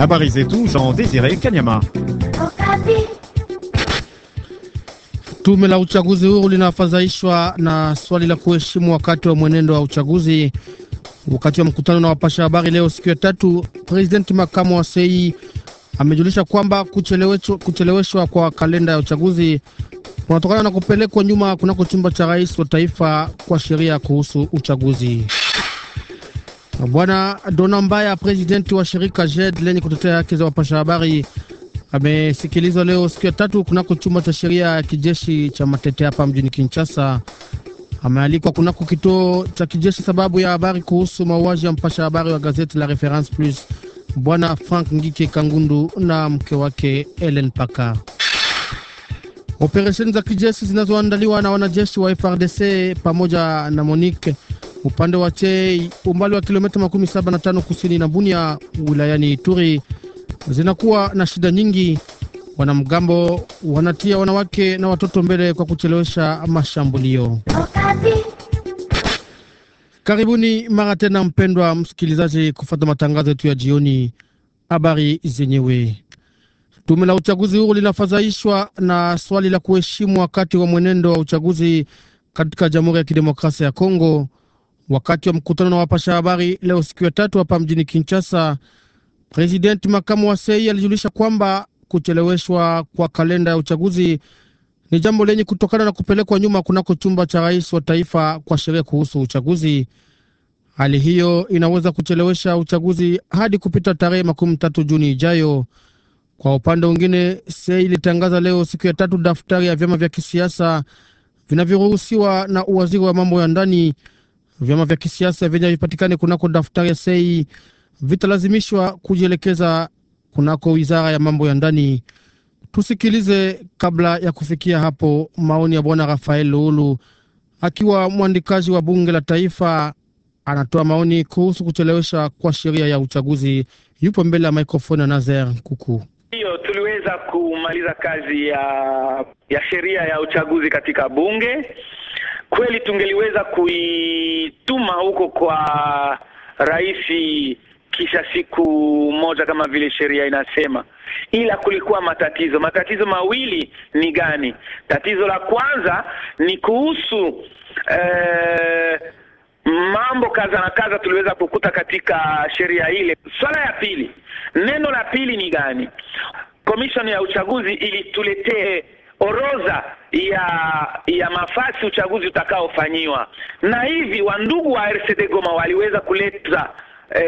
Habari zetu Jean Desire Kanyama. Tume la uchaguzi huru linafadhaishwa na swali la kuheshimu wakati wa mwenendo wa uchaguzi. Wakati wa mkutano na wapasha habari leo siku ya tatu, presidenti makamu wa sei amejulisha kwamba kucheleweshwa kwa kalenda ya uchaguzi kunatokana na kupelekwa nyuma kunako chumba cha rais wa taifa kwa sheria kuhusu uchaguzi. Bwana Dona Mbaya, presidenti wa shirika JED lenye kutetea haki za wapasha habari, amesikilizwa leo siku ya tatu kunako chumba cha sheria ya kijeshi cha Matete hapa mjini Kinshasa. Amealikwa kunako kituo cha kijeshi sababu ya habari kuhusu mauaji ya mpasha habari wa gazeti la Reference Plus, Bwana Frank Ngike Kangundu na mke wake Ellen Paka. Operesheni za kijeshi zinazoandaliwa na wanajeshi wa FRDC pamoja na Monique upande wa Chei, umbali wa kilomita 75 kusini na Bunia wilayani Ituri, zinakuwa na shida nyingi. Wanamgambo wanatia wanawake na watoto mbele kwa kuchelewesha mashambulio. Karibuni mara tena, mpendwa msikilizaji, kufata matangazo yetu ya jioni. Habari zenyewe Tume la uchaguzi huru linafadhaishwa na swali la kuheshimu wakati wa mwenendo wa uchaguzi katika Jamhuri ya Kidemokrasia ya Kongo. Wakati wa mkutano na wapasha habari leo siku ya tatu hapa mjini Kinshasa, presidenti makamu wa Sei alijulisha kwamba kucheleweshwa kwa kalenda ya uchaguzi ni jambo lenye kutokana na kupelekwa nyuma kunako chumba cha rais wa taifa kwa sheria kuhusu uchaguzi. Hali hiyo inaweza kuchelewesha uchaguzi hadi kupita tarehe makumi tatu Juni ijayo. Kwa upande mwingine, Sei ilitangaza leo siku ya tatu daftari ya vyama vya kisiasa vinavyoruhusiwa na uwaziri wa mambo ya ndani vyama vya kisiasa vyenye vipatikane kunako daftari ya sei vitalazimishwa kujielekeza kunako wizara ya mambo ya ndani. Tusikilize kabla ya kufikia hapo maoni ya bwana Rafael Luulu, akiwa mwandikaji wa bunge la taifa, anatoa maoni kuhusu kuchelewesha kwa sheria ya uchaguzi. Yupo mbele ya maikrofoni ya Nazer Kuku. Hiyo tuliweza kumaliza kazi ya, ya sheria ya uchaguzi katika bunge kweli tungeliweza kuituma huko kwa rais kisha siku moja kama vile sheria inasema, ila kulikuwa matatizo. Matatizo mawili ni gani? Tatizo la kwanza ni kuhusu eh, mambo kaza na kaza tuliweza kukuta katika sheria ile. Swala ya pili, neno la pili ni gani? Komishoni ya uchaguzi ilituletee orodha ya ya mafasi uchaguzi utakaofanyiwa, na hivi wandugu wa RCD Goma waliweza kuleta e,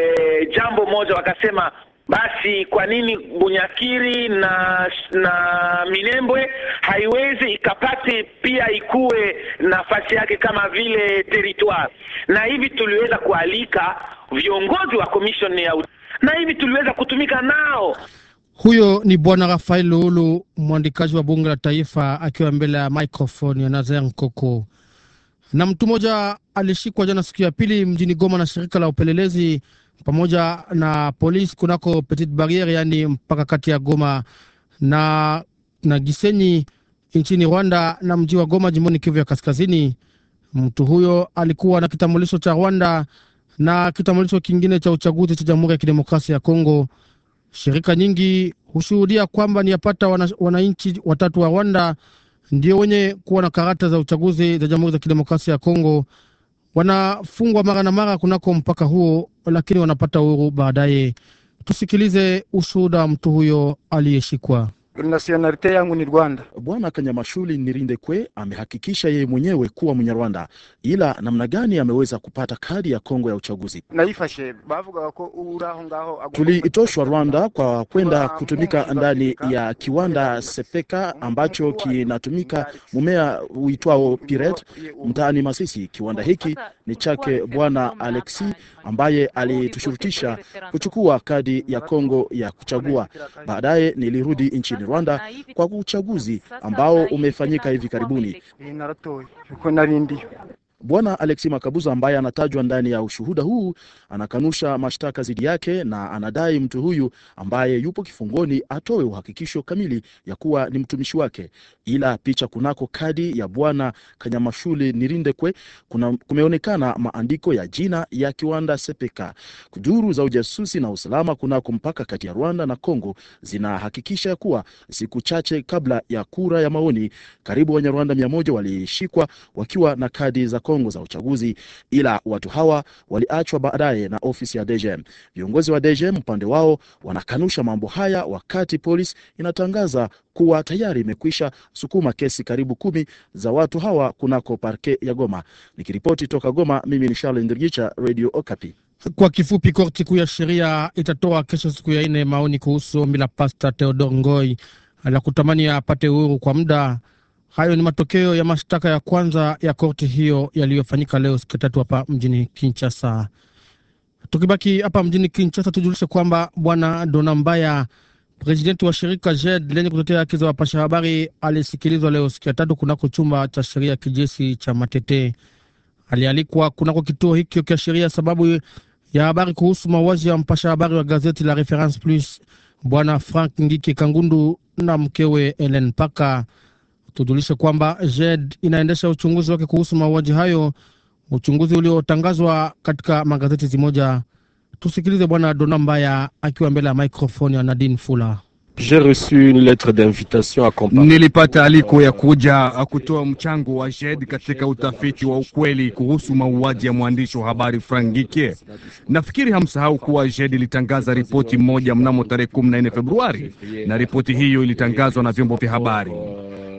jambo moja wakasema basi kwa nini Bunyakiri na na Minembwe haiwezi ikapate pia ikuwe nafasi yake kama vile territoire? Na hivi tuliweza kualika viongozi wa commission ya na hivi tuliweza kutumika nao huyo ni Bwana Rafael Luulu, mwandikaji wa bunge la taifa, akiwa mbele ya maikrofoni ya Nazaire Nkoko. Na mtu mmoja alishikwa jana siku ya pili mjini Goma na shirika la upelelezi pamoja na polisi kunako Petit Barriere, yaani mpaka kati ya Goma na, na Gisenyi nchini Rwanda na mji wa Goma jimboni Kivu ya Kaskazini. Mtu huyo alikuwa na kitambulisho cha Rwanda na kitambulisho kingine cha uchaguzi cha Jamhuri ya Kidemokrasia ya Kongo Shirika nyingi hushuhudia kwamba ni yapata wananchi wana watatu wa Rwanda ndio wenye kuwa na karata za uchaguzi za Jamhuri za Kidemokrasia ya Kongo. Wanafungwa mara na mara kunako mpaka huo, lakini wanapata uhuru baadaye. Tusikilize ushuhuda wa mtu huyo aliyeshikwa nasionalite yangu ni Rwanda. Bwana Kanyamashuli nirinde Kwe amehakikisha yeye mwenyewe kuwa rwanda ila namna gani ameweza kupata kadi ya Kongo ya uchaguzi? naifashe bavuga ko uraho ngaho Rwanda kwa kwenda kutumika ndani ya kiwanda sepeka ambacho kinatumika mumea uitwao Piret mtaani Masisi. Kiwanda hiki ni chake Bwana Alexi ambaye alitushurutisha kuchukua kadi ya Kongo ya kuchagua. Baadaye nilirudi nchini nchini Rwanda kwa uchaguzi ambao umefanyika hivi karibuni. Bwana Alexi Makabuza ambaye anatajwa ndani ya ushuhuda huu anakanusha mashtaka dhidi yake na anadai mtu huyu ambaye yupo kifungoni atoe uhakikisho kamili ya kuwa ni mtumishi wake. Ila picha kunako kadi ya Bwana Kanyamashuli Nirindekwe kuna, kumeonekana maandiko ya jina ya kiwanda Sepeka. Kujuru za ujasusi na usalama kunako mpaka kati ya Rwanda na Kongo zinahakikisha kuwa siku chache kabla ya kura ya maoni, karibu Wanyarwanda mia moja walishikwa wakiwa na kadi za Kongo Kongo za uchaguzi, ila watu hawa waliachwa baadaye na ofisi ya DGM. Viongozi wa DGM upande wao wanakanusha mambo haya, wakati polisi inatangaza kuwa tayari imekwisha sukuma kesi karibu kumi za watu hawa kunako parke ya Goma. Nikiripoti toka Goma, mimi ni Charles Ndirgicha, Radio Okapi. Kwa kifupi, korti kuu ya sheria itatoa kesho siku ya ine maoni kuhusu ombi la Pasta Theodore Ngoi la kutamani apate uhuru kwa muda. Hayo ni matokeo ya mashtaka ya kwanza ya korti hiyo yaliyofanyika leo siku tatu hapa mjini Kinshasa. Tukibaki hapa mjini Kinshasa, tujulishe kwamba bwana Donambaya, presidenti wa shirika JED lenye kutetea haki za wapasha habari, alisikilizwa leo siku ya tatu kunako chumba cha sheria ya kijeshi cha Matete. Alialikwa kunako kituo hikyo kia sheria sababu ya habari kuhusu mauaji ya mpasha habari wa gazeti la Reference Plus, bwana Frank Ngiki Kangundu na mkewe Ellen Paka. Tujulishe kwamba JED inaendesha uchunguzi wake kuhusu mauaji hayo, uchunguzi uliotangazwa katika magazeti zimoja. Tusikilize Bwana Dona Mbaya akiwa mbele ya maikrofoni ya Nadine Fula. Nilipata aliko ya kuja kutoa mchango wa JED katika utafiti wa ukweli kuhusu mauaji ya mwandishi wa habari Frank Gike. Nafikiri hamsahau kuwa JED ilitangaza ripoti moja mnamo tarehe 14 Februari, na ripoti hiyo ilitangazwa na vyombo vya habari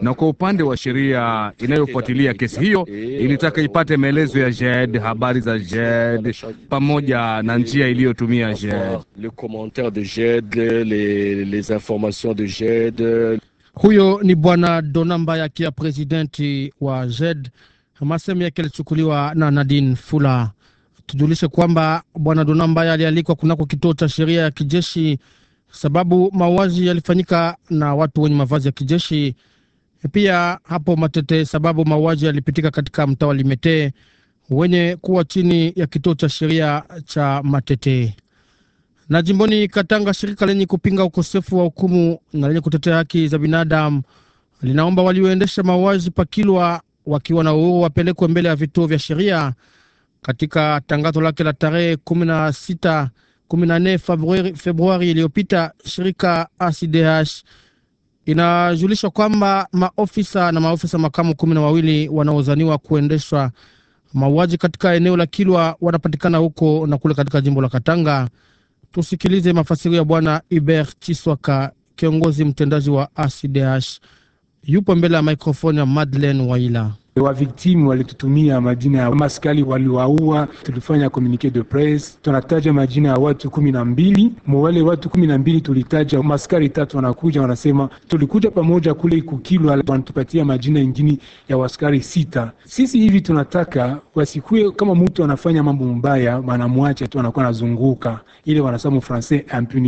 na kwa upande wa sheria inayofuatilia kesi hiyo ilitaka ipate maelezo ya JED, habari za JED pamoja na njia iliyotumia JED. Huyo ni bwana Donamba kia presidenti wa JED. Masehemu yake yalichukuliwa na Nadine Fula. Tujulishe kwamba bwana Donamba alialikwa kunako kituo cha sheria ya kijeshi sababu mauaji yalifanyika na watu wenye mavazi ya kijeshi. Pia hapo Matete, sababu mauaji yalipitika katika mtaa wa Limete wenye kuwa chini ya kituo cha sheria cha Matete. Na jimboni Katanga, shirika lenye kupinga ukosefu wa hukumu na lenye kutetea haki za binadamu linaomba walioendesha mauaji Pakilwa wakiwa na uhuru wapelekwe mbele ya vituo vya sheria. Katika tangazo lake la tarehe 16 14 Februari iliyopita, shirika ACDH inajulishwa kwamba maofisa na maofisa makamu kumi na wawili wanaozaniwa kuendeshwa mauaji katika eneo la Kilwa wanapatikana huko na kule katika jimbo la Katanga. Tusikilize mafasirio ya Bwana Hubert Chiswaka, kiongozi mtendaji wa ACDH, yupo mbele ya microfoni ya Madeleine Waila. Wavictimu walitutumia majina ya maskali waliwaua, tulifanya communique de presse, tunataja majina ya watu kumi na mbili. Mwale watu kumi na mbili tulitaja maskari tatu, wanakuja wanasema tulikuja pamoja kule Kukilwa, wanatupatia majina ingine ya waskari sita. Sisi hivi tunataka wasikue kama mtu anafanya mambo mbaya, wanamwacha tu anakuwa anazunguka ile wanasema francais impuni